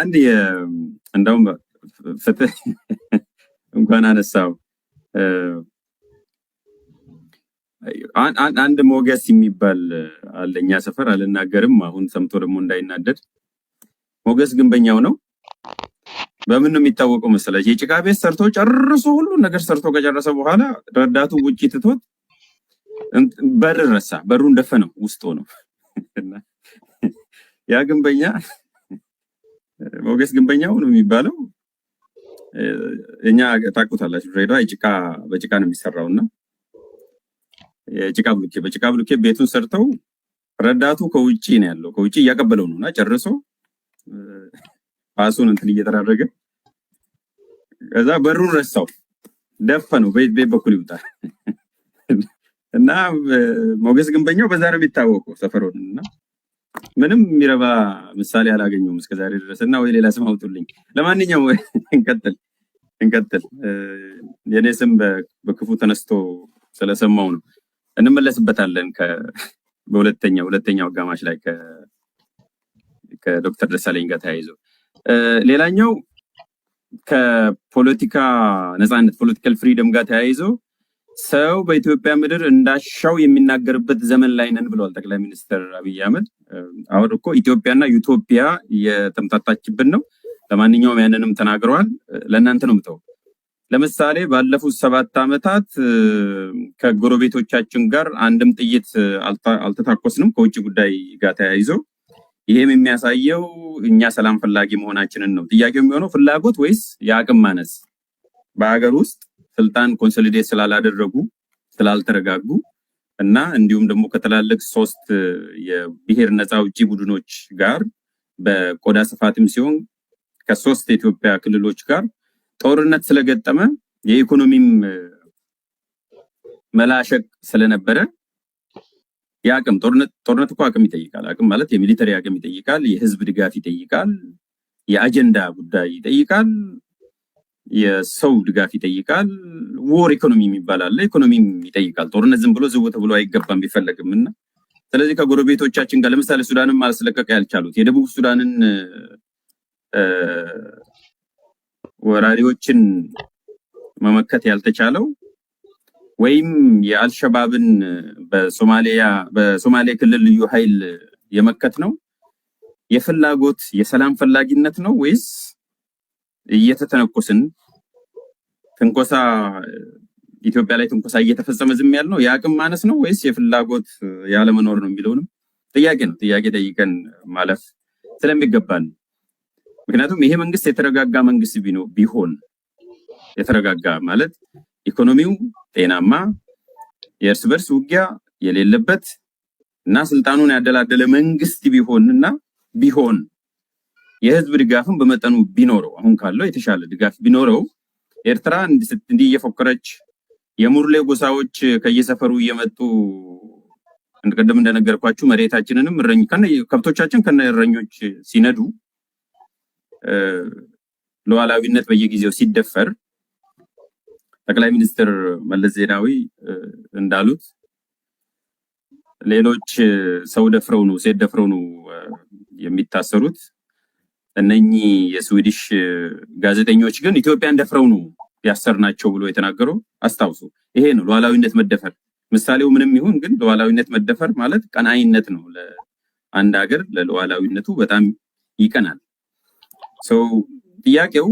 አንድ እንደውም ፍትህ እንኳን አነሳው አንድ ሞገስ የሚባል አለኛ ሰፈር፣ አልናገርም አሁን ሰምቶ ደግሞ እንዳይናደድ። ሞገስ ግንበኛው ነው። በምን ነው የሚታወቀው መሰለች? የጭቃ ቤት ሰርቶ ጨርሶ ሁሉ ነገር ሰርቶ ከጨረሰ በኋላ ረዳቱ ውጭ ትቶት በር ረሳ፣ በሩ እንደፈ ነው ውስጥ ሆነው ያ ግንበኛ ሞገስ ግንበኛው ነው የሚባለው። እኛ ታውቁታላችሁ፣ ድሬዳዋ የጭቃ በጭቃ ነው የሚሰራው እና የጭቃ ብሎኬ በጭቃ ብሎኬ ቤቱን ሰርተው ረዳቱ ከውጭ ነው ያለው፣ ከውጭ እያቀበለው ነው እና ጨርሶ ፓሱን እንትን እየተራረገ ከዛ በሩን ረሳው፣ ደፈነው። በቤት በኩል ይውጣል እና ሞገስ ግንበኛው በዛ ነው የሚታወቁ ሰፈሩን እና ምንም የሚረባ ምሳሌ እስከ እስከዛሬ ድረስ እና ወይ ሌላ ስም አውጡልኝ። ለማንኛውም እንቀጥል እንቀጥል። የእኔ ስም በክፉ ተነስቶ ስለሰማው ነው። እንመለስበታለን በሁለተኛ ሁለተኛው አጋማሽ ላይ ከዶክተር ደሳለኝ ጋር ተያይዞ ሌላኛው ከፖለቲካ ነፃነት ፖለቲካል ፍሪደም ጋር ተያይዘው ሰው በኢትዮጵያ ምድር እንዳሻው የሚናገርበት ዘመን ላይ ነን ብለዋል ጠቅላይ ሚኒስትር አብይ አህመድ። አሁን እኮ ኢትዮጵያና ዩቶፒያ የተምታታችብን ነው። ለማንኛውም ያንንም ተናግረዋል። ለእናንተ ነው ምተው። ለምሳሌ ባለፉት ሰባት ዓመታት ከጎረቤቶቻችን ጋር አንድም ጥይት አልተታኮስንም ከውጭ ጉዳይ ጋር ተያይዞ ይህም የሚያሳየው እኛ ሰላም ፈላጊ መሆናችንን ነው። ጥያቄው የሚሆነው ፍላጎት ወይስ የአቅም ማነስ በሀገር ውስጥ ስልጣን ኮንሶሊዴት ስላላደረጉ ስላልተረጋጉ እና እንዲሁም ደግሞ ከትላልቅ ሶስት የብሔር ነፃ አውጪ ቡድኖች ጋር በቆዳ ስፋትም ሲሆን ከሶስት የኢትዮጵያ ክልሎች ጋር ጦርነት ስለገጠመ የኢኮኖሚም መላሸቅ ስለነበረ የአቅም ጦርነት እኮ አቅም ይጠይቃል። አቅም ማለት የሚሊተሪ አቅም ይጠይቃል። የህዝብ ድጋፍ ይጠይቃል። የአጀንዳ ጉዳይ ይጠይቃል። የሰው ድጋፍ ይጠይቃል። ወር ኢኮኖሚ የሚባል አለ። ኢኮኖሚም ይጠይቃል። ጦርነት ዝም ብሎ ዝው ተብሎ አይገባም ቢፈለግም እና ስለዚህ ከጎረቤቶቻችን ጋር ለምሳሌ ሱዳንን ማስለቀቅ ያልቻሉት የደቡብ ሱዳንን ወራሪዎችን መመከት ያልተቻለው ወይም የአልሸባብን በሶማሌ ክልል ልዩ ኃይል የመከት ነው የፍላጎት የሰላም ፈላጊነት ነው ወይስ እየተተነኮስን ትንኮሳ ኢትዮጵያ ላይ ትንኮሳ እየተፈጸመ ዝም ያልነው የአቅም ማነስ ነው ወይስ የፍላጎት ያለመኖር ነው የሚለውንም ጥያቄ ነው ጥያቄ ጠይቀን ማለፍ ስለሚገባን ምክንያቱም ይሄ መንግስት የተረጋጋ መንግስት ቢሆን የተረጋጋ ማለት ኢኮኖሚው ጤናማ የእርስ በርስ ውጊያ የሌለበት እና ስልጣኑን ያደላደለ መንግስት ቢሆን እና ቢሆን የህዝብ ድጋፍን በመጠኑ ቢኖረው አሁን ካለው የተሻለ ድጋፍ ቢኖረው ኤርትራ እንዲህ እየፎከረች የሙርሌ ጎሳዎች ከየሰፈሩ እየመጡ እንደቀደም እንደነገርኳችሁ መሬታችንንም ከብቶቻችን ከነ እረኞች ሲነዱ ሉዓላዊነት በየጊዜው ሲደፈር ጠቅላይ ሚኒስትር መለስ ዜናዊ እንዳሉት ሌሎች ሰው ደፍረው ነው ሴት ደፍረው ነው የሚታሰሩት። እነኚህ የስዊዲሽ ጋዜጠኞች ግን ኢትዮጵያን ደፍረው ነው ያሰርናቸው ብሎ የተናገረው አስታውሱ። ይሄ ነው ሉዓላዊነት መደፈር። ምሳሌው ምንም ይሁን ግን ሉዓላዊነት መደፈር ማለት ቀናይነት ነው። ለአንድ ሀገር ለሉዓላዊነቱ በጣም ይቀናል። ሰው ጥያቄው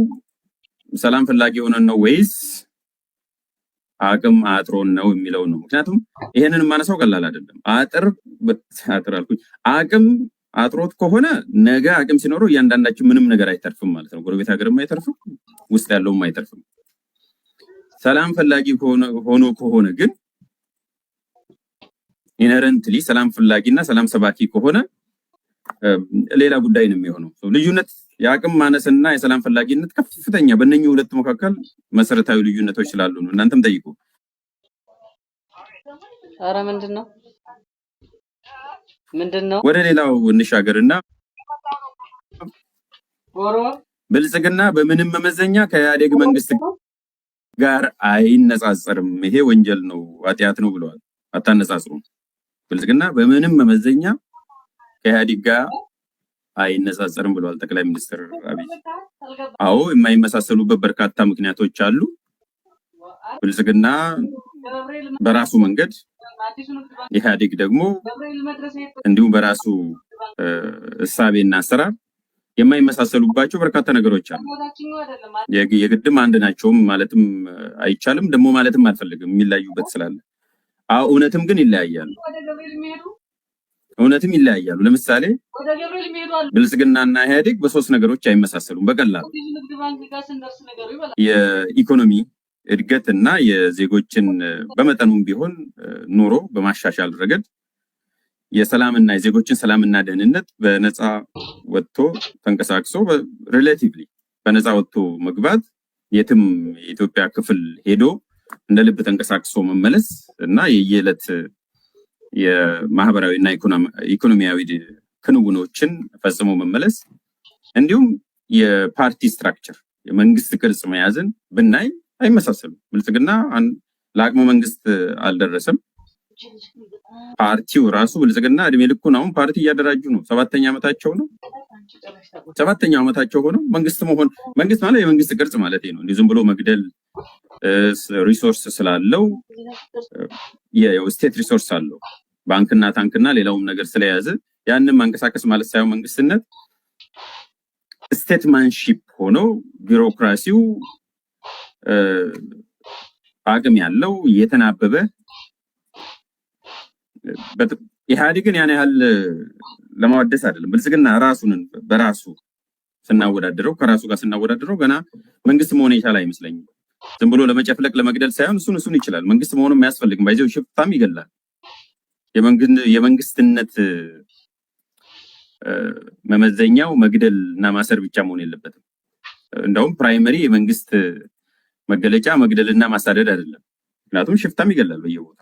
ሰላም ፈላጊ የሆነን ነው ወይስ አቅም አጥሮን ነው የሚለው ነው። ምክንያቱም ይሄንን የማነሳው ቀላል አይደለም። አጥር አጥር አልኩኝ አቅም አጥሮት ከሆነ ነገ አቅም ሲኖረው እያንዳንዳችን ምንም ነገር አይተርፍም ማለት ነው። ጎረቤት ሀገርም አይተርፍም፣ ውስጥ ያለውም አይተርፍም። ሰላም ፈላጊ ሆኖ ከሆነ ግን ኢነረንትሊ ሰላም ፈላጊና ሰላም ሰባኪ ከሆነ ሌላ ጉዳይ ነው የሚሆነው። ልዩነት የአቅም ማነስና የሰላም ፈላጊነት ከፍተኛ በእነኚህ ሁለት መካከል መሰረታዊ ልዩነቶች ስላሉ ነው። እናንተም ጠይቁ። አረ ምንድን ነው ምንድን ነው? ወደ ሌላው እንሻገርና ብልጽግና በምንም መመዘኛ ከኢህአዴግ መንግስት ጋር አይነጻጸርም፣ ይሄ ወንጀል ነው፣ አጥያት ነው ብለዋል። አታነጻጽሩ። ብልጽግና በምንም መመዘኛ ከኢህአዴግ ጋር አይነጻጸርም ብለዋል ጠቅላይ ሚኒስትር አብይ። አዎ የማይመሳሰሉበት በርካታ ምክንያቶች አሉ። ብልጽግና በራሱ መንገድ ኢህአዴግ ደግሞ እንዲሁም በራሱ እሳቤና አሰራር የማይመሳሰሉባቸው በርካታ ነገሮች አሉ። የግድም አንድ ናቸውም ማለትም አይቻልም፣ ደግሞ ማለትም አልፈልግም የሚለያዩበት ስላለ። እውነትም ግን ይለያያሉ፣ እውነትም ይለያያሉ። ለምሳሌ ብልጽግናና ኢህአዴግ በሶስት ነገሮች አይመሳሰሉም በቀላሉ የኢኮኖሚ እድገት እና የዜጎችን በመጠኑም ቢሆን ኑሮ በማሻሻል ረገድ የሰላምና የዜጎችን ሰላምና ደህንነት በነፃ ወጥቶ ተንቀሳቅሶ ሪሌቲቭሊ በነፃ ወጥቶ መግባት የትም የኢትዮጵያ ክፍል ሄዶ እንደ ልብ ተንቀሳቅሶ መመለስ እና የየዕለት የማህበራዊና ኢኮኖሚያዊ ክንውኖችን ፈጽሞ መመለስ እንዲሁም የፓርቲ ስትራክቸር የመንግስት ቅርጽ መያዝን ብናይ አይመሳሰሉ ብልጽግና ለአቅመ መንግስት አልደረሰም። ፓርቲው ራሱ ብልጽግና እድሜ ልኩን አሁን ፓርቲ እያደራጁ ነው። ሰባተኛ ዓመታቸው ነው። ሰባተኛው ዓመታቸው ሆኖ መንግስት መሆን መንግስት ማለት የመንግስት ቅርጽ ማለት ነው። ዝም ብሎ መግደል ሪሶርስ ስላለው ስቴት ሪሶርስ አለው ባንክና ታንክና ሌላውም ነገር ስለያዘ ያንን ማንቀሳቀስ ማለት ሳይሆን መንግስትነት ስቴትማንሺፕ ሆኖ ቢሮክራሲው አቅም ያለው የተናበበ ኢህአዴግን ያን ያህል ለማወደስ አይደለም። ብልጽግና ራሱንን በራሱ ስናወዳደረው ከራሱ ጋር ስናወዳደረው ገና መንግስት መሆን የቻለ አይመስለኝም። ዝም ብሎ ለመጨፍለቅ ለመግደል ሳይሆን እሱን እሱን ይችላል። መንግስት መሆኑ የሚያስፈልግም ባይዘው ሽፍታም ይገላል። የመንግስትነት መመዘኛው መግደል እና ማሰር ብቻ መሆን የለበትም። እንደውም ፕራይመሪ የመንግስት መገለጫ መግደልና ማሳደድ አይደለም። ምክንያቱም ሽፍታም ይገላል በየቦታ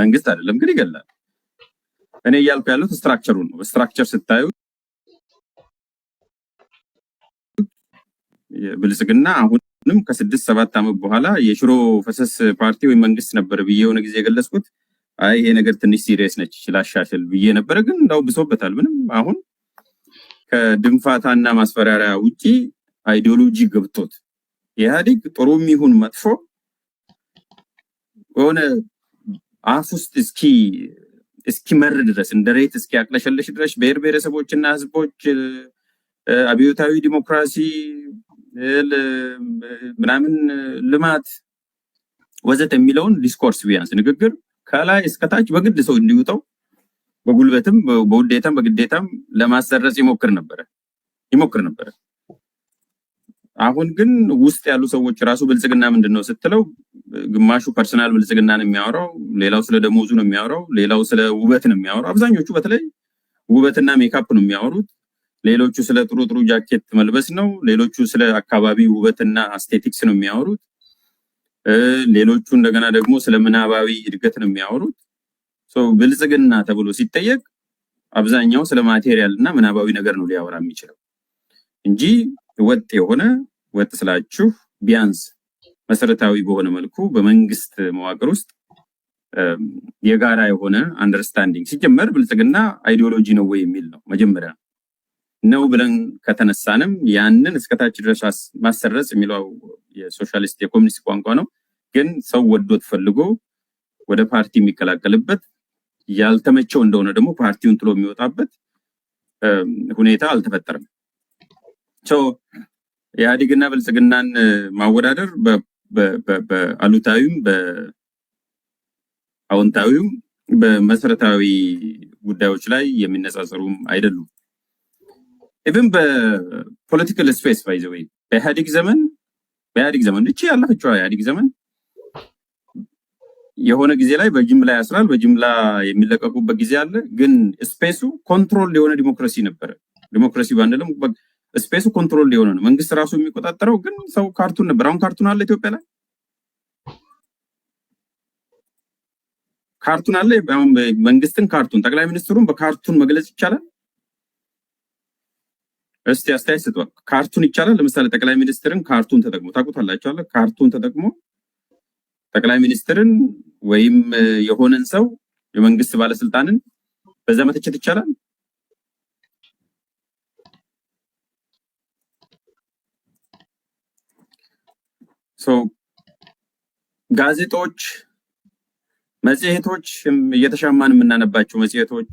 መንግስት አይደለም ግን ይገላል። እኔ እያልኩ ያሉት ስትራክቸሩ ነው። ስትራክቸር ስታዩ ብልጽግና አሁንም ከስድስት ሰባት ዓመት በኋላ የሽሮ ፈሰስ ፓርቲ ወይም መንግስት ነበር ብዬ የሆነ ጊዜ የገለጽኩት አይ ይሄ ነገር ትንሽ ሲሪየስ ነች ላሻሽል ብዬ ነበረ። ግን እንዳው ብሶበታል። ምንም አሁን ከድንፋታና ማስፈራሪያ ውጪ አይዲዮሎጂ ገብቶት ኢህአዴግ ጥሩም ይሁን መጥፎ የሆነ አፍ ውስጥ እስኪ እስኪመር ድረስ እንደ ሬት እስኪ አቅለሸለሽ ድረስ ብሔር ብሔረሰቦችና ህዝቦች አብዮታዊ ዲሞክራሲ ምናምን ልማት ወዘት የሚለውን ዲስኮርስ ቢያንስ ንግግር ከላይ እስከታች በግድ ሰው እንዲውጠው በጉልበትም በውዴታም በግዴታም ለማሰረጽ ይሞክር ነበረ ይሞክር ነበረ። አሁን ግን ውስጥ ያሉ ሰዎች ራሱ ብልጽግና ምንድን ነው ስትለው ግማሹ ፐርሰናል ብልጽግና ነው የሚያወራው፣ ሌላው ስለ ደሞዙ ነው የሚያወራው፣ ሌላው ስለ ውበት ነው የሚያወራው። አብዛኞቹ በተለይ ውበትና ሜካፕ ነው የሚያወሩት። ሌሎቹ ስለ ጥሩ ጥሩ ጃኬት መልበስ ነው። ሌሎቹ ስለ አካባቢ ውበትና አስቴቲክስ ነው የሚያወሩት። ሌሎቹ እንደገና ደግሞ ስለ ምናባዊ እድገት ነው የሚያወሩት። ብልጽግና ተብሎ ሲጠየቅ አብዛኛው ስለ ማቴሪያል እና ምናባዊ ነገር ነው ሊያወራ የሚችለው እንጂ ወጥ የሆነ ወጥ ስላችሁ ቢያንስ መሰረታዊ በሆነ መልኩ በመንግስት መዋቅር ውስጥ የጋራ የሆነ አንደርስታንዲንግ ሲጀመር ብልጽግና አይዲዮሎጂ ነው ወይ የሚል ነው። መጀመሪያ ነው ብለን ከተነሳንም ያንን እስከታች ድረስ ማሰረጽ የሚለው የሶሻሊስት የኮሚኒስት ቋንቋ ነው። ግን ሰው ወዶት ፈልጎ ወደ ፓርቲ የሚቀላቀልበት ያልተመቸው እንደሆነ ደግሞ ፓርቲውን ጥሎ የሚወጣበት ሁኔታ አልተፈጠረም። ኢህአዴግና ብልጽግናን ማወዳደር በአሉታዊም በአዎንታዊም በመሰረታዊ ጉዳዮች ላይ የሚነጻጸሩም አይደሉም። ኢቭን በፖለቲካል ስፔስ ባይዘወይ በኢህአዴግ ዘመን በኢህአዴግ ዘመን እቺ ያለፈችዋ ኢህአዴግ ዘመን የሆነ ጊዜ ላይ በጅምላ ያስራል፣ በጅምላ የሚለቀቁበት ጊዜ አለ። ግን ስፔሱ ኮንትሮል የሆነ ዲሞክራሲ ነበረ። ዲሞክራሲ ባንልም ስፔሱ ኮንትሮል የሆነ ነው። መንግስት ራሱ የሚቆጣጠረው ግን ሰው ካርቱን ብራውን ካርቱን አለ ኢትዮጵያ ላይ ካርቱን አለ። መንግስትን ካርቱን፣ ጠቅላይ ሚኒስትሩን በካርቱን መግለጽ ይቻላል። እስቲ አስተያየት ስጥ። ካርቱን ይቻላል። ለምሳሌ ጠቅላይ ሚኒስትርን ካርቱን ተጠቅሞ ታውቁታላችሁ አለ። ካርቱን ተጠቅሞ ጠቅላይ ሚኒስትርን ወይም የሆነን ሰው የመንግስት ባለስልጣንን በዛ መተቸት ይቻላል። ጋዜጦች፣ መጽሔቶች እየተሻማን የምናነባቸው መጽሔቶች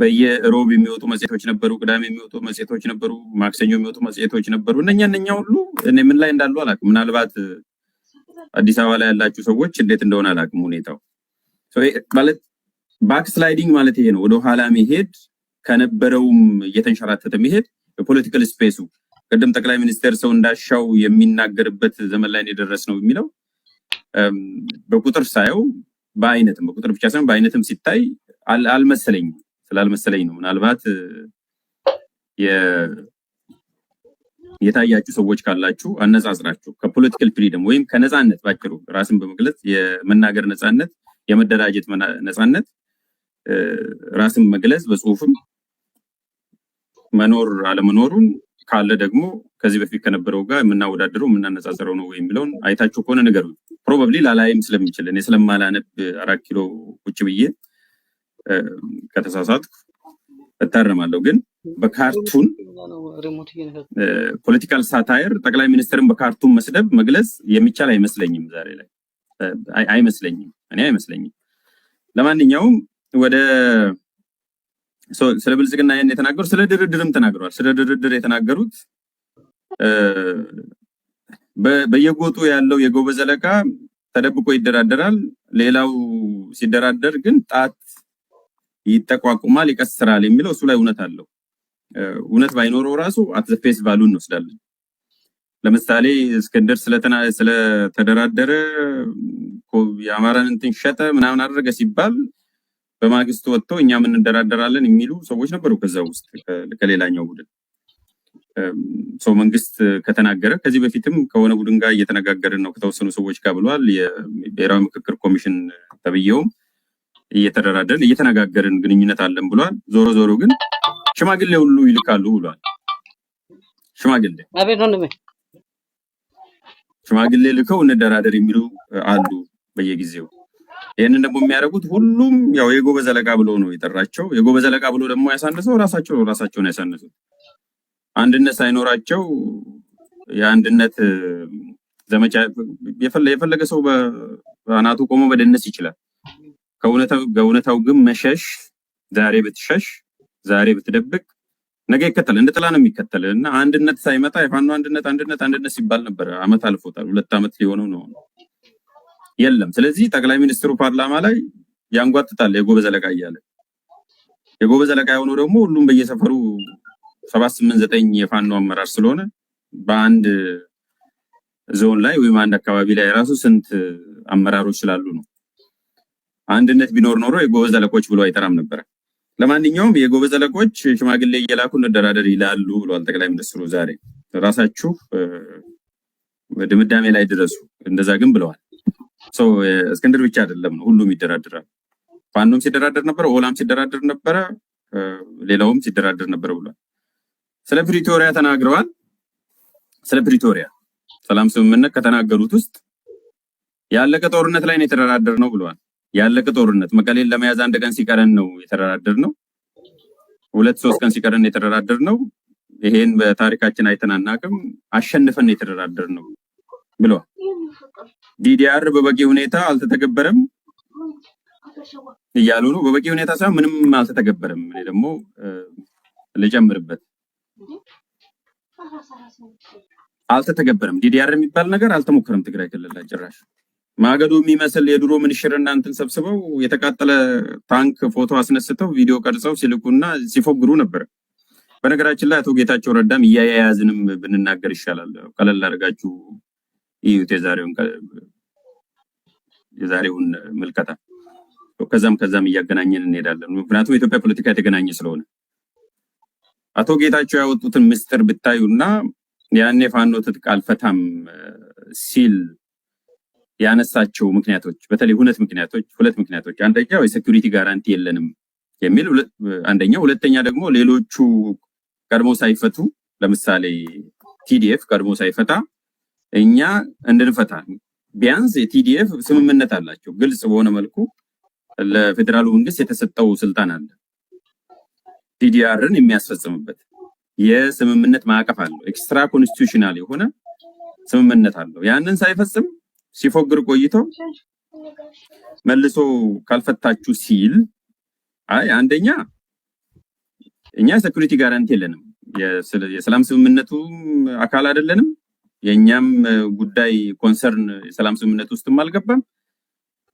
በየሮብ የሚወጡ መጽሔቶች ነበሩ። ቅዳሜ የሚወጡ መጽሔቶች ነበሩ። ማክሰኞ የሚወጡ መጽሔቶች ነበሩ። እነኛ እነኛ ሁሉ እኔ ምን ላይ እንዳሉ አላውቅም። ምናልባት አዲስ አበባ ላይ ያላችሁ ሰዎች እንዴት እንደሆነ አላውቅም ሁኔታው። ማለት ባክስላይዲንግ ማለት ይሄ ነው፣ ወደ ኋላ መሄድ ከነበረውም እየተንሸራተተ መሄድ የፖለቲካል ስፔሱ ቅድም ጠቅላይ ሚኒስቴር ሰው እንዳሻው የሚናገርበት ዘመን ላይ የደረስ ነው የሚለው በቁጥር ሳየው በአይነትም በቁጥር ብቻ ሳይሆን በአይነትም ሲታይ አልመሰለኝም። ስላልመሰለኝ ነው ምናልባት የታያችሁ ሰዎች ካላችሁ አነጻጽራችሁ ከፖለቲካል ፍሪደም ወይም ከነፃነት ባጭሩ ራስን በመግለጽ የመናገር ነፃነት፣ የመደራጀት ነፃነት፣ ራስን መግለጽ በጽሁፍም መኖር አለመኖሩን ካለ ደግሞ ከዚህ በፊት ከነበረው ጋር የምናወዳደረው የምናነጻጽረው ነው የሚለውን አይታችሁ ከሆነ ነገር ፕሮባብሊ ላላይም ስለሚችል እኔ ስለማላነብ አራት ኪሎ ቁጭ ብዬ ከተሳሳትኩ እታረማለሁ። ግን በካርቱን ፖለቲካል ሳታየር ጠቅላይ ሚኒስትርን በካርቱን መስደብ መግለጽ የሚቻል አይመስለኝም። ዛሬ ላይ አይመስለኝም፣ እኔ አይመስለኝም። ለማንኛውም ወደ ስለ ብልጽግና ይህን የተናገሩ ስለ ድርድርም ተናግረዋል። ስለ ድርድር የተናገሩት በየጎጡ ያለው የጎበዝ አለቃ ተደብቆ ይደራደራል፣ ሌላው ሲደራደር ግን ጣት ይጠቋቁማል፣ ይቀስራል የሚለው እሱ ላይ እውነት አለው። እውነት ባይኖረው ራሱ አትዘፌስ ባሉ እንወስዳለን። ለምሳሌ እስክንድር ስለተደራደረ የአማራን እንትን ሸጠ ምናምን አደረገ ሲባል በማግስቱ ወጥተው እኛም እንደራደራለን የሚሉ ሰዎች ነበሩ። ከዛ ውስጥ ከሌላኛው ቡድን ሰው መንግስት ከተናገረ ከዚህ በፊትም ከሆነ ቡድን ጋር እየተነጋገርን ነው ከተወሰኑ ሰዎች ጋር ብሏል። የብሔራዊ ምክክር ኮሚሽን ተብዬውም እየተደራደርን እየተነጋገርን ግንኙነት አለን ብሏል። ዞሮ ዞሮ ግን ሽማግሌ ሁሉ ይልካሉ ብሏል። ሽማግሌ ሽማግሌ ልከው እንደራደር የሚሉ አሉ በየጊዜው ይህንን ደግሞ የሚያደርጉት ሁሉም ያው የጎበዝ አለቃ ብሎ ነው የጠራቸው። የጎበዝ አለቃ ብሎ ደግሞ ያሳንሰው ራሳቸው ራሳቸውን ያሳነሱት አንድነት ሳይኖራቸው የአንድነት ዘመቻ የፈለገ ሰው በአናቱ ቆሞ መደነስ ይችላል። ከእውነታው ግን መሸሽ፣ ዛሬ ብትሸሽ፣ ዛሬ ብትደብቅ ነገ ይከተል እንደ ጥላ ነው የሚከተል እና አንድነት ሳይመጣ የፋኖ አንድነት አንድነት አንድነት ሲባል ነበር። አመት አልፎታል። ሁለት አመት ሊሆነው ነው። የለም። ስለዚህ ጠቅላይ ሚኒስትሩ ፓርላማ ላይ ያንጓትታል የጎበዝ አለቃ እያለ የጎበዝ አለቃ የሆነው ደግሞ ሁሉም በየሰፈሩ ሰባት ስምንት ዘጠኝ የፋኖ አመራር ስለሆነ በአንድ ዞን ላይ ወይም አንድ አካባቢ ላይ ራሱ ስንት አመራሮች ስላሉ ነው። አንድነት ቢኖር ኖሮ የጎበዝ አለቆች ብሎ አይጠራም ነበረ። ለማንኛውም የጎበዝ አለቆች ሽማግሌ እየላኩ እንደራደር ይላሉ ብሏል ጠቅላይ ሚኒስትሩ ዛሬ። ራሳችሁ ድምዳሜ ላይ ድረሱ እንደዛ ግን ብለዋል። ሰው እስክንድር ብቻ አይደለም፣ ሁሉም ይደራደራል። ፋኖም ሲደራደር ነበረ፣ ኦላም ሲደራደር ነበረ፣ ሌላውም ሲደራደር ነበረ ብሏል። ስለ ፕሪቶሪያ ተናግረዋል። ስለ ፕሪቶሪያ ሰላም ስምምነት ከተናገሩት ውስጥ ያለቀ ጦርነት ላይ ነው የተደራደር ነው ብለዋል። ያለቀ ጦርነት መቀሌን ለመያዝ አንድ ቀን ሲቀረን ነው የተደራደር ነው። ሁለት ሶስት ቀን ሲቀረን የተደራደር ነው። ይሄን በታሪካችን አይተናናቅም። አሸንፈን የተደራደር ነው ብለዋል። ዲዲአር በበቂ ሁኔታ አልተተገበረም እያሉ ነው። በበቂ ሁኔታ ሳይሆን ምንም አልተተገበረም። እኔ ደግሞ ልጨምርበት አልተተገበረም። ዲዲአር የሚባል ነገር አልተሞከረም። ትግራይ ክልል ላይ ጭራሽ ማገዶ የሚመስል የድሮ ምንሽር እናንትን ሰብስበው የተቃጠለ ታንክ ፎቶ አስነስተው ቪዲዮ ቀርጸው ሲልኩና ሲፎግሩ ነበር። በነገራችን ላይ አቶ ጌታቸው ረዳም እያያያዝንም ብንናገር ይሻላል። ቀለል አድርጋችሁ ይዩት የዛሬውን የዛሬውን ምልከታ ከዛም ከዛም እያገናኘን እንሄዳለን። ምክንያቱም የኢትዮጵያ ፖለቲካ የተገናኘ ስለሆነ አቶ ጌታቸው ያወጡትን ምስጢር ብታዩና ያኔ ፋኖ ትጥቅ አልፈታም ሲል ያነሳቸው ምክንያቶች በተለይ ሁለት ምክንያቶች ሁለት ምክንያቶች አንደኛው የሴኩሪቲ ጋራንቲ የለንም የሚል አንደኛው፣ ሁለተኛ ደግሞ ሌሎቹ ቀድሞ ሳይፈቱ ለምሳሌ ቲዲኤፍ ቀድሞ ሳይፈታ እኛ እንድንፈታ ቢያንስ የቲዲኤፍ ስምምነት አላቸው። ግልጽ በሆነ መልኩ ለፌዴራሉ መንግስት የተሰጠው ስልጣን አለ። ቲዲአርን የሚያስፈጽምበት የስምምነት ማዕቀፍ አለው። ኤክስትራ ኮንስቲቱሽናል የሆነ ስምምነት አለው። ያንን ሳይፈጽም ሲፎግር ቆይቶ መልሶ ካልፈታችሁ ሲል አይ አንደኛ እኛ ሴኩሪቲ ጋራንቲ የለንም፣ የሰላም ስምምነቱ አካል አይደለንም የእኛም ጉዳይ ኮንሰርን የሰላም ስምምነት ውስጥም አልገባም፣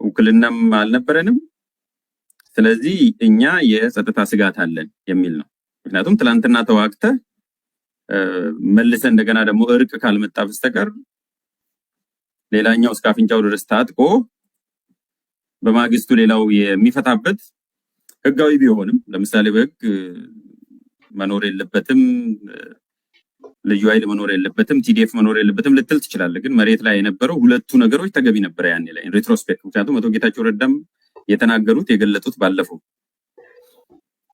ውክልናም አልነበረንም። ስለዚህ እኛ የጸጥታ ስጋት አለን የሚል ነው። ምክንያቱም ትላንትና ተዋግተ መልሰ እንደገና ደግሞ እርቅ ካልመጣ በስተቀር ሌላኛው እስከ አፍንጫው ድረስ ታጥቆ በማግስቱ ሌላው የሚፈታበት ህጋዊ ቢሆንም ለምሳሌ በህግ መኖር የለበትም ልዩ ኃይል መኖር የለበትም፣ ቲዲኤፍ መኖር የለበትም ልትል ትችላለ። ግን መሬት ላይ የነበረው ሁለቱ ነገሮች ተገቢ ነበረ ያኔ ላይ ሬትሮስፔክት። ምክንያቱም አቶ ጌታቸው ረዳም የተናገሩት የገለጡት ባለፈው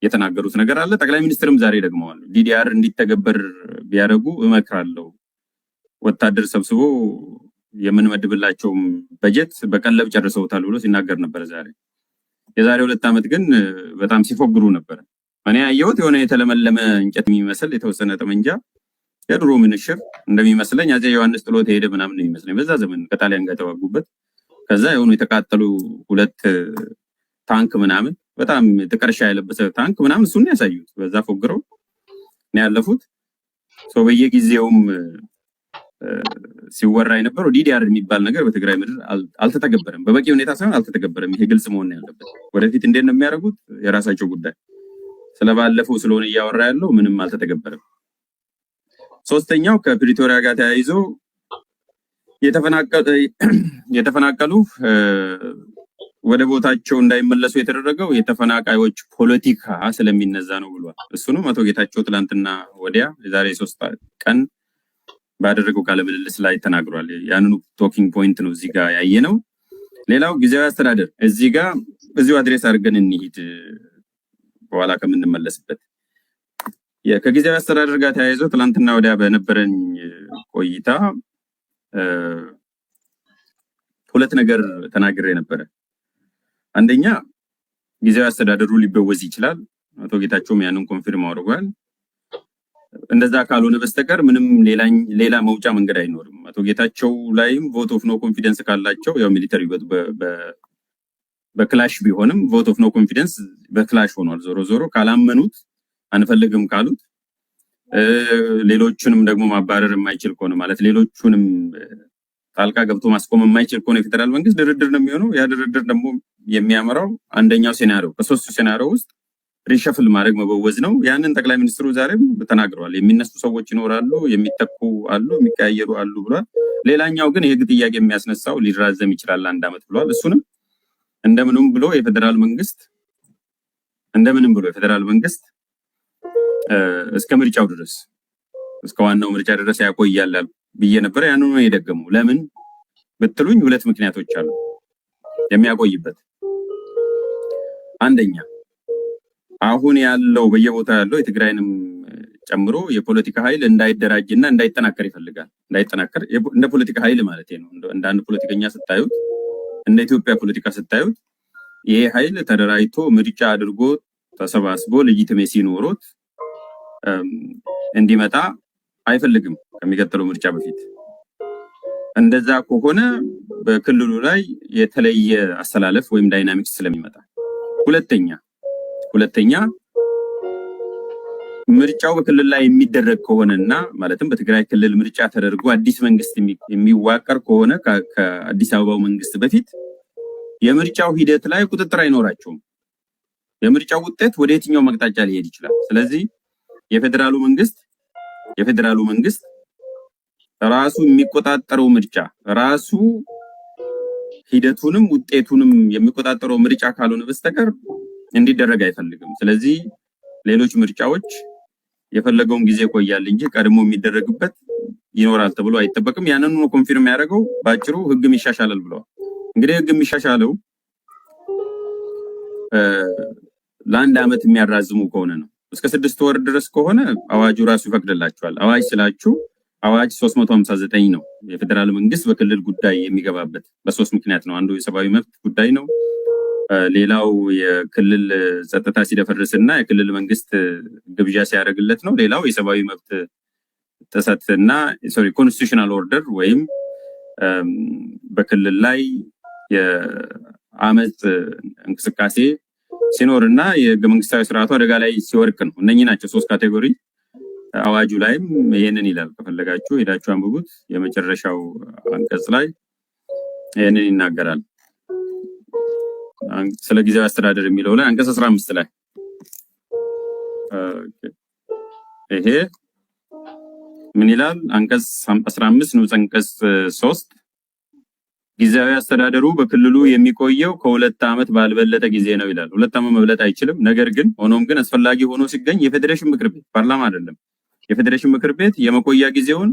የተናገሩት ነገር አለ። ጠቅላይ ሚኒስትርም ዛሬ ደግመዋል። ዲዲአር እንዲተገበር ቢያደርጉ እመክራለሁ። ወታደር ሰብስቦ የምንመድብላቸውም በጀት በቀለብ ጨርሰውታል ብሎ ሲናገር ነበረ ዛሬ። የዛሬ ሁለት ዓመት ግን በጣም ሲፎግሩ ነበረ። እኔ ያየሁት የሆነ የተለመለመ እንጨት የሚመስል የተወሰነ ጠመንጃ የድሮ ምንሽር እንደሚመስለኝ አፄ ዮሐንስ ጥሎት ሄደ ምናምን ነው የሚመስለኝ። በዛ ዘመን ከጣሊያን ጋር የተዋጉበት ከዛ የሆኑ የተቃጠሉ ሁለት ታንክ ምናምን በጣም ጥቀርሻ የለበሰ ታንክ ምናምን እሱን ያሳዩት በዛ ፎግረው ነው ያለፉት። ሰው በየጊዜውም ሲወራ የነበረው ዲዲአር የሚባል ነገር በትግራይ ምድር አልተተገበረም። በበቂ ሁኔታ ሳይሆን አልተተገበረም። ይሄ ግልጽ መሆን ያለበት። ወደፊት እንዴት ነው የሚያደርጉት የራሳቸው ጉዳይ። ስለባለፈው ስለሆነ እያወራ ያለው ምንም አልተተገበረም። ሶስተኛው ከፕሪቶሪያ ጋር ተያይዞ የተፈናቀሉ ወደ ቦታቸው እንዳይመለሱ የተደረገው የተፈናቃዮች ፖለቲካ ስለሚነዛ ነው ብሏል። እሱንም አቶ ጌታቸው ትላንትና ወዲያ የዛሬ ሶስት ቀን ባደረገው ቃለ ምልልስ ላይ ተናግሯል። ያንኑ ቶኪንግ ፖይንት ነው እዚህ ጋር ያየ ነው። ሌላው ጊዜያዊ አስተዳደር እዚህ ጋር እዚሁ አድሬስ አድርገን እንሂድ በኋላ ከምንመለስበት ከጊዜያዊ አስተዳደር ጋር ተያይዞ ትላንትና ወዲያ በነበረኝ ቆይታ ሁለት ነገር ተናግሬ ነበረ። አንደኛ ጊዜያዊ አስተዳደሩ ሊበወዝ ይችላል። አቶ ጌታቸውም ያንን ኮንፊርም አድርጓል። እንደዛ ካልሆነ በስተቀር ምንም ሌላ መውጫ መንገድ አይኖርም። አቶ ጌታቸው ላይም ቮት ኦፍ ኖ ኮንፊደንስ ካላቸው ያው ሚሊተሪ በክላሽ ቢሆንም ቮት ኦፍ ኖ ኮንፊደንስ በክላሽ ሆኗል። ዞሮ ዞሮ ካላመኑት አንፈልግም ካሉት ሌሎቹንም ደግሞ ማባረር የማይችል ከሆነ ማለት ሌሎቹንም ጣልቃ ገብቶ ማስቆም የማይችል ከሆነ የፌዴራል መንግስት ድርድር ነው የሚሆነው። ያ ድርድር ደግሞ የሚያመራው አንደኛው ሴናሪዮ ከሶስቱ ሴናሪዮ ውስጥ ሪሸፍል ማድረግ መበወዝ ነው። ያንን ጠቅላይ ሚኒስትሩ ዛሬም ተናግረዋል። የሚነሱ ሰዎች ይኖራሉ፣ የሚተኩ አሉ፣ የሚቀያየሩ አሉ ብሏል። ሌላኛው ግን የህግ ጥያቄ የሚያስነሳው ሊራዘም ይችላል አንድ ዓመት ብሏል። እሱንም እንደምንም ብሎ የፌደራል መንግስት እንደምንም ብሎ የፌዴራል መንግስት እስከ ምርጫው ድረስ እስከ ዋናው ምርጫ ድረስ ያቆያል ብዬ ነበረ። ያንኑ የደገሙ ለምን ብትሉኝ ሁለት ምክንያቶች አሉ የሚያቆይበት። አንደኛ አሁን ያለው በየቦታው ያለው የትግራይንም ጨምሮ የፖለቲካ ኃይል እንዳይደራጅ እና እንዳይጠናከር ይፈልጋል። እንዳይጠናከር እንደ ፖለቲካ ኃይል ማለት ነው። እንደ አንድ ፖለቲከኛ ስታዩት፣ እንደ ኢትዮጵያ ፖለቲካ ስታዩት ይሄ ኃይል ተደራጅቶ ምርጫ አድርጎ ተሰባስቦ ልጅትሜሲ ኖሮት እንዲመጣ አይፈልግም ከሚቀጥለው ምርጫ በፊት። እንደዛ ከሆነ በክልሉ ላይ የተለየ አስተላለፍ ወይም ዳይናሚክስ ስለሚመጣ፣ ሁለተኛ ሁለተኛ ምርጫው በክልል ላይ የሚደረግ ከሆነና ማለትም በትግራይ ክልል ምርጫ ተደርጎ አዲስ መንግስት የሚዋቀር ከሆነ ከአዲስ አበባው መንግስት በፊት የምርጫው ሂደት ላይ ቁጥጥር አይኖራቸውም። የምርጫው ውጤት ወደ የትኛው መቅጣጫ ሊሄድ ይችላል። ስለዚህ የፌዴራሉ መንግስት የፌዴራሉ መንግስት ራሱ የሚቆጣጠረው ምርጫ ራሱ ሂደቱንም ውጤቱንም የሚቆጣጠረው ምርጫ ካልሆነ በስተቀር እንዲደረግ አይፈልግም። ስለዚህ ሌሎች ምርጫዎች የፈለገውን ጊዜ ይቆያል እንጂ ቀድሞ የሚደረግበት ይኖራል ተብሎ አይጠበቅም። ያንኑ ኮንፊርም ያደረገው በአጭሩ ህግም ይሻሻላል ብለዋል። እንግዲህ ህግ የሚሻሻለው ለአንድ ዓመት የሚያራዝሙ ከሆነ ነው። እስከ ስድስት ወር ድረስ ከሆነ አዋጁ ራሱ ይፈቅድላቸዋል። አዋጅ ስላችሁ አዋጅ 359 ነው። የፌዴራል መንግስት በክልል ጉዳይ የሚገባበት በሶስት ምክንያት ነው። አንዱ የሰብአዊ መብት ጉዳይ ነው። ሌላው የክልል ጸጥታ ሲደፈርስ እና የክልል መንግስት ግብዣ ሲያደርግለት ነው። ሌላው የሰብአዊ መብት ጥሰት እና ሶሪ ኮንስቲቱሽናል ኦርደር ወይም በክልል ላይ የአመፅ እንቅስቃሴ ሲኖር እና የህገ መንግስታዊ ስርዓቱ አደጋ ላይ ሲወድቅ ነው። እነኚህ ናቸው ሶስት ካቴጎሪ። አዋጁ ላይም ይህንን ይላል። ከፈለጋችሁ ሄዳችሁ አንብቡት። የመጨረሻው አንቀጽ ላይ ይህንን ይናገራል። ስለ ጊዜያዊ አስተዳደር የሚለው ላይ አንቀጽ አስራ አምስት ላይ ይሄ ምን ይላል? አንቀጽ አስራ አምስት ንዑስ አንቀጽ ሶስት ጊዜያዊ አስተዳደሩ በክልሉ የሚቆየው ከሁለት ዓመት ባልበለጠ ጊዜ ነው ይላል። ሁለት ዓመት መብለጥ አይችልም። ነገር ግን ሆኖም ግን አስፈላጊ ሆኖ ሲገኝ የፌዴሬሽን ምክር ቤት ፓርላማ አይደለም፣ የፌዴሬሽን ምክር ቤት የመቆያ ጊዜውን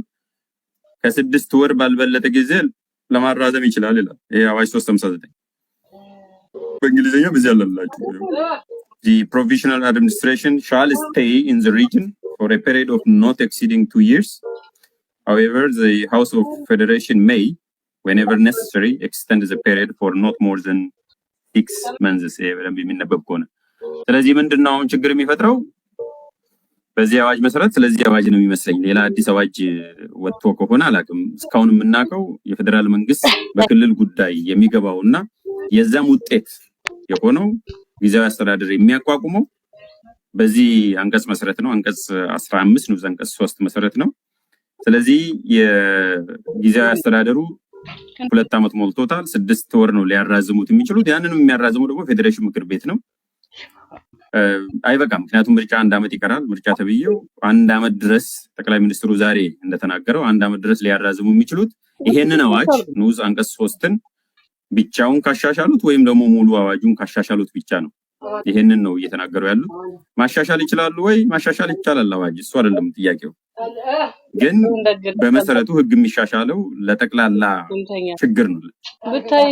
ከስድስት ወር ባልበለጠ ጊዜ ለማራዘም ይችላል ይላል። ይሄ አዋጅ ሶስት ሃምሳ ዘጠኝ በእንግሊዝኛው እዚህ ያለላችሁ ፕሮቪዥናል አድሚኒስትሬሽን ሻል ስቴይ ኢን ዘ ሪጅን ፎር ኤ ፔሪድ ኦፍ ኖት ኤክሲዲንግ ቱ ይርስ ዘ ሃውስ ኦፍ ፌዴሬሽን ሜይ whenever necessary extend the period for not more than six መንዝስ eh, በደንብ የሚነበብ ከሆነ ስለዚህ ምንድን ነው አሁን ችግር የሚፈጥረው በዚህ አዋጅ መሰረት ስለዚህ አዋጅ ነው የሚመስለኝ ሌላ አዲስ አዋጅ ወጥቶ ከሆነ አላውቅም እስካሁን የምናውቀው የፌዴራል መንግስት በክልል ጉዳይ የሚገባው እና የዛም ውጤት የሆነው ጊዜያዊ አስተዳደር የሚያቋቁመው በዚህ አንቀጽ መሰረት ነው አንቀጽ አስራ ንዑስ አንቀጽ ሶስት መሰረት ነው ስለዚህ የጊዜያዊ አስተዳደሩ ሁለት ዓመት ሞልቶታል። ስድስት ወር ነው ሊያራዝሙት የሚችሉት። ያንንም የሚያራዝመው ደግሞ ፌዴሬሽን ምክር ቤት ነው። አይበቃም። ምክንያቱም ምርጫ አንድ ዓመት ይቀራል። ምርጫ ተብዬው አንድ ዓመት ድረስ ጠቅላይ ሚኒስትሩ ዛሬ እንደተናገረው አንድ ዓመት ድረስ ሊያራዝሙ የሚችሉት ይሄንን አዋጅ ንዑስ አንቀጽ ሶስትን ብቻውን ካሻሻሉት ወይም ደግሞ ሙሉ አዋጁን ካሻሻሉት ብቻ ነው። ይሄንን ነው እየተናገሩ ያሉት። ማሻሻል ይችላሉ ወይ? ማሻሻል ይቻላል። አዋጅ እሱ አይደለም ጥያቄው። ግን በመሰረቱ ህግ የሚሻሻለው ለጠቅላላ ችግር ነው፣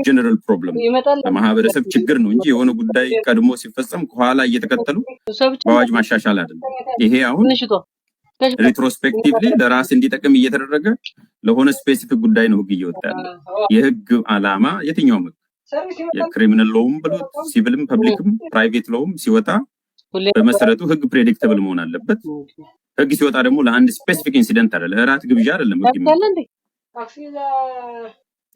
ጀነራል ፕሮብለም ለማህበረሰብ ችግር ነው እንጂ የሆነ ጉዳይ ቀድሞ ሲፈጸም ከኋላ እየተከተሉ በአዋጅ ማሻሻል አይደለም። ይሄ አሁን ሪትሮስፔክቲቭ ለራስ እንዲጠቅም እየተደረገ ለሆነ ስፔሲፊክ ጉዳይ ነው ህግ እየወጣ ያለ። የህግ አላማ የትኛውም ህግ የክሪሚናል ሎውም ብሎት ሲቪልም፣ ፐብሊክም፣ ፕራይቬት ሎውም ሲወጣ በመሰረቱ ህግ ፕሬዲክተብል መሆን አለበት። ህግ ሲወጣ ደግሞ ለአንድ ስፔሲፊክ ኢንሲደንት አይደለ፣ እራት ግብዣ አይደለም ህግ።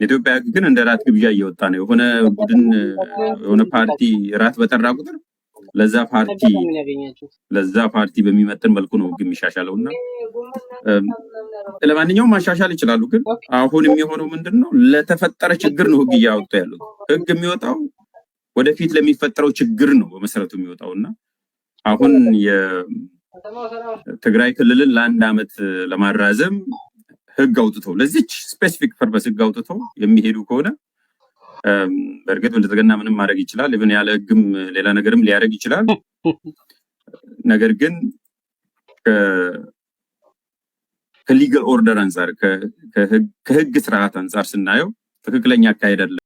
የኢትዮጵያ ህግ ግን እንደ እራት ግብዣ እየወጣ ነው። የሆነ ቡድን የሆነ ፓርቲ እራት በጠራ ቁጥር ለዛ ፓርቲ ለዛ ፓርቲ በሚመጥን መልኩ ነው ህግ የሚሻሻለው እና ለማንኛውም ማሻሻል ይችላሉ። ግን አሁን የሚሆነው ምንድን ነው? ለተፈጠረ ችግር ነው ህግ እያወጡ ያሉት። ህግ የሚወጣው ወደፊት ለሚፈጠረው ችግር ነው በመሰረቱ የሚወጣው እና አሁን ትግራይ ክልልን ለአንድ ዓመት ለማራዘም ህግ አውጥተው ለዚች ስፔሲፊክ ፐርፐስ ህግ አውጥተው የሚሄዱ ከሆነ በእርግጥ ብልጽግና ምንም ማድረግ ይችላል። ብን ያለ ህግም ሌላ ነገርም ሊያደርግ ይችላል። ነገር ግን ከሊጋል ኦርደር አንጻር ከህግ ስርዓት አንጻር ስናየው ትክክለኛ አካሄድ አለ።